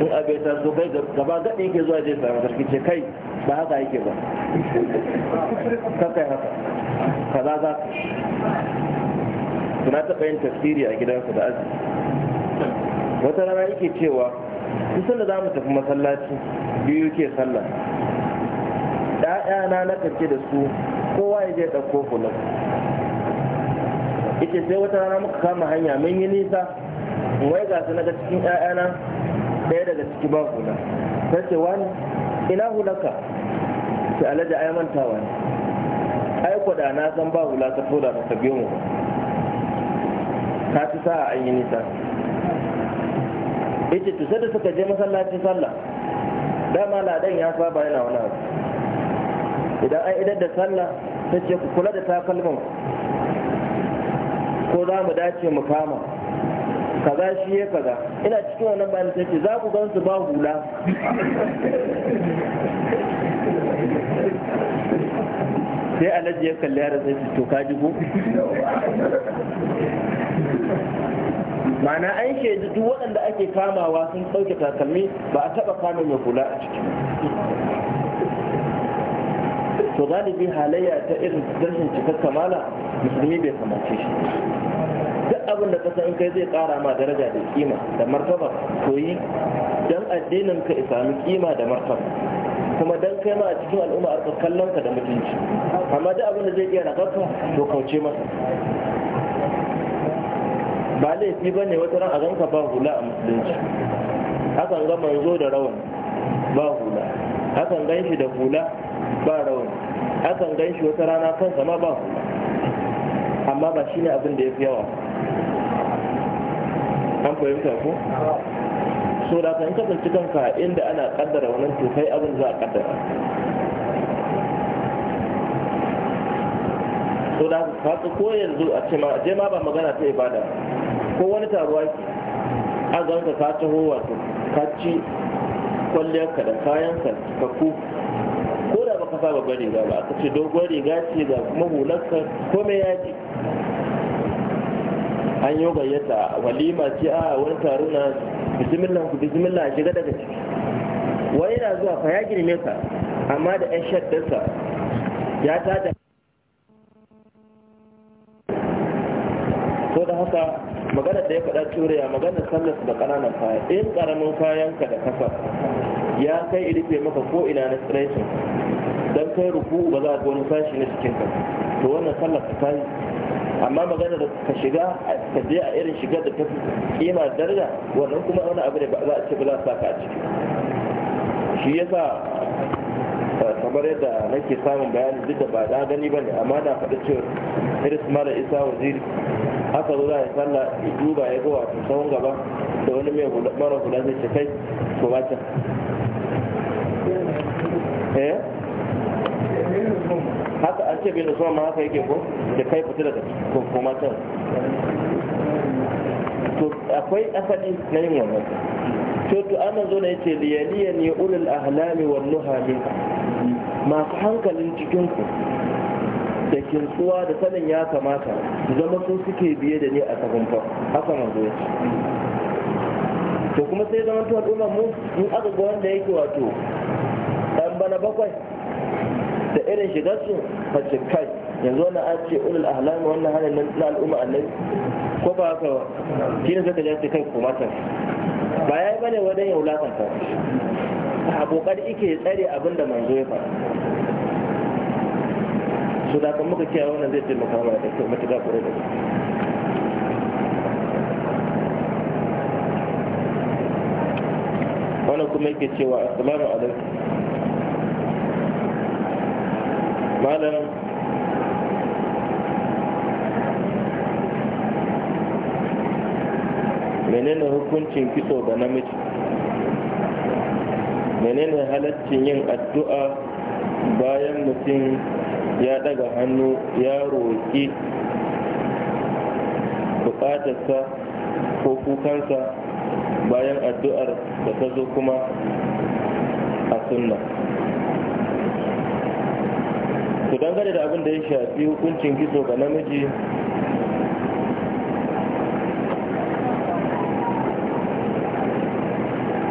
in abu ya taso kai gaba gaɗi yake zuwa je samu sarki ce kai ba haka yake ba kakai haka kaza za suna taɓa yin tafsiri a gidansu da aji wata rana yake cewa kusan da za mu tafi masallaci biyu ke sallah ɗa'yana na kake da su kowa ya je ɗauko fulan ita sai wata rana muka kama hanya mun yi nisa wai ga su naga cikin na. ɗaya daga ciki ba kula ta ce wani ina hulaka ta alaji ai mantawa ne ai da na san ba hula ka soda ta tabi mu ka ci sa'a an yi nisa yace to sai da suka je masallaci sallah dama ladan ya saba yana wani abu idan ai idan da sallah ta ce ku kula da takalman ko za mu dace mu kama kaza shi ya kaza ina cikin wannan bayanin sai ce za ku gan su ba hula sai alhaji ya kalli yaran sai to ka ji ko mana an shaidu duk waɗanda ake kamawa sun ɗauke takalmi ba a taɓa kama mai hula a ciki to galibi halayya ta irin rashin cikar kamala musulmi bai kamace shi duk abin da kasan kai zai kara ma daraja da kima da martaba koyi dan addinin ka isami kima da martaba kuma dan kai ma a cikin al'umma arka kallon ka da mutunci amma duk abin da zai iya ragarka to kauce masa ba laifi bane wata ran a ganka ba hula a musulunci hakan ga manzo da rawan ba hula hakan ganshi da hula ba rawan hakan ganshi wata rana kansa ma ba hula amma ba shine abin da ya fi yawa an fahimta ko so da ka yi kasance kanka inda ana kaddara wannan to kai abin za a kaddara so da ka ko yanzu a ce ma je ma ba magana ta ibada ko wani taruwa ki a zanka ka taho wato ka ci kwalliyarka da kayan ka ku baka sa babban riga ba aka ce 'Dogon riga ce ga kuma hularka ko ya ji. an yi gayyata walima ce a wani taro na bismillah ku bismillah shiga daga ciki Wani na zuwa fa ya girme ka amma da yan shaddarsa ya tada ko da haka magana da ya faɗa turiya magana sallarsa da ƙananan kaya in ƙaramin kayanka da kasa ya kai ilife maka ko ina na tsiraicin dan kai ruku ba za a wani sashi na cikin ka to wannan sallar ka kai amma magana da ka shiga ka je a irin shigar da ta fi kima daraja wannan kuma wani abu ne ba za a ce ba za a saka a ciki shi yasa eh, kamar yadda nake samun bayani duk da ba na gani ba ne amma na faɗi cewa iris mara isa waziri haka zo za a yi sallah duba ya ga wato tsawon gaba da wani mai mara hula zai ce kai ko ba can eh? haka an ce bai da ma haka yake ko da kai fita daga ko kuma can to akwai asali na yin wannan to to an zo ne yace liyaliya ne ulul ahlami wal nuha minka masu hankalin cikin ku da kintsuwa da sanin ya kamata zama su suke biye da ni a kafin haka manzo ya to kuma sai zama tuwa al'ummar mu in aka ga wanda yake wato ɗan bana bakwai da irin shigarsu face kai yanzu wannan an ce ulul ahlam wannan halin nan na al'umma annabi ko ba haka ba shi ne suka jasi kai ko matan ba ya yi bane wadanda ya wulakanta a ike tsare abin da manzo ya fara. su muka kiyaye wannan zai taimaka mana da matuƙa ƙwarai da wannan kuma yake cewa assalamu alaikum malam menene hukuncin kitso ga namiji menene halaccin yin addu'a bayan mutum ya daga hannu ya roƙi buƙatarsa ko kukansa bayan addu'ar da ta zo kuma a sunna ku dangane da abin da ya shafi hukuncin kitso ga namiji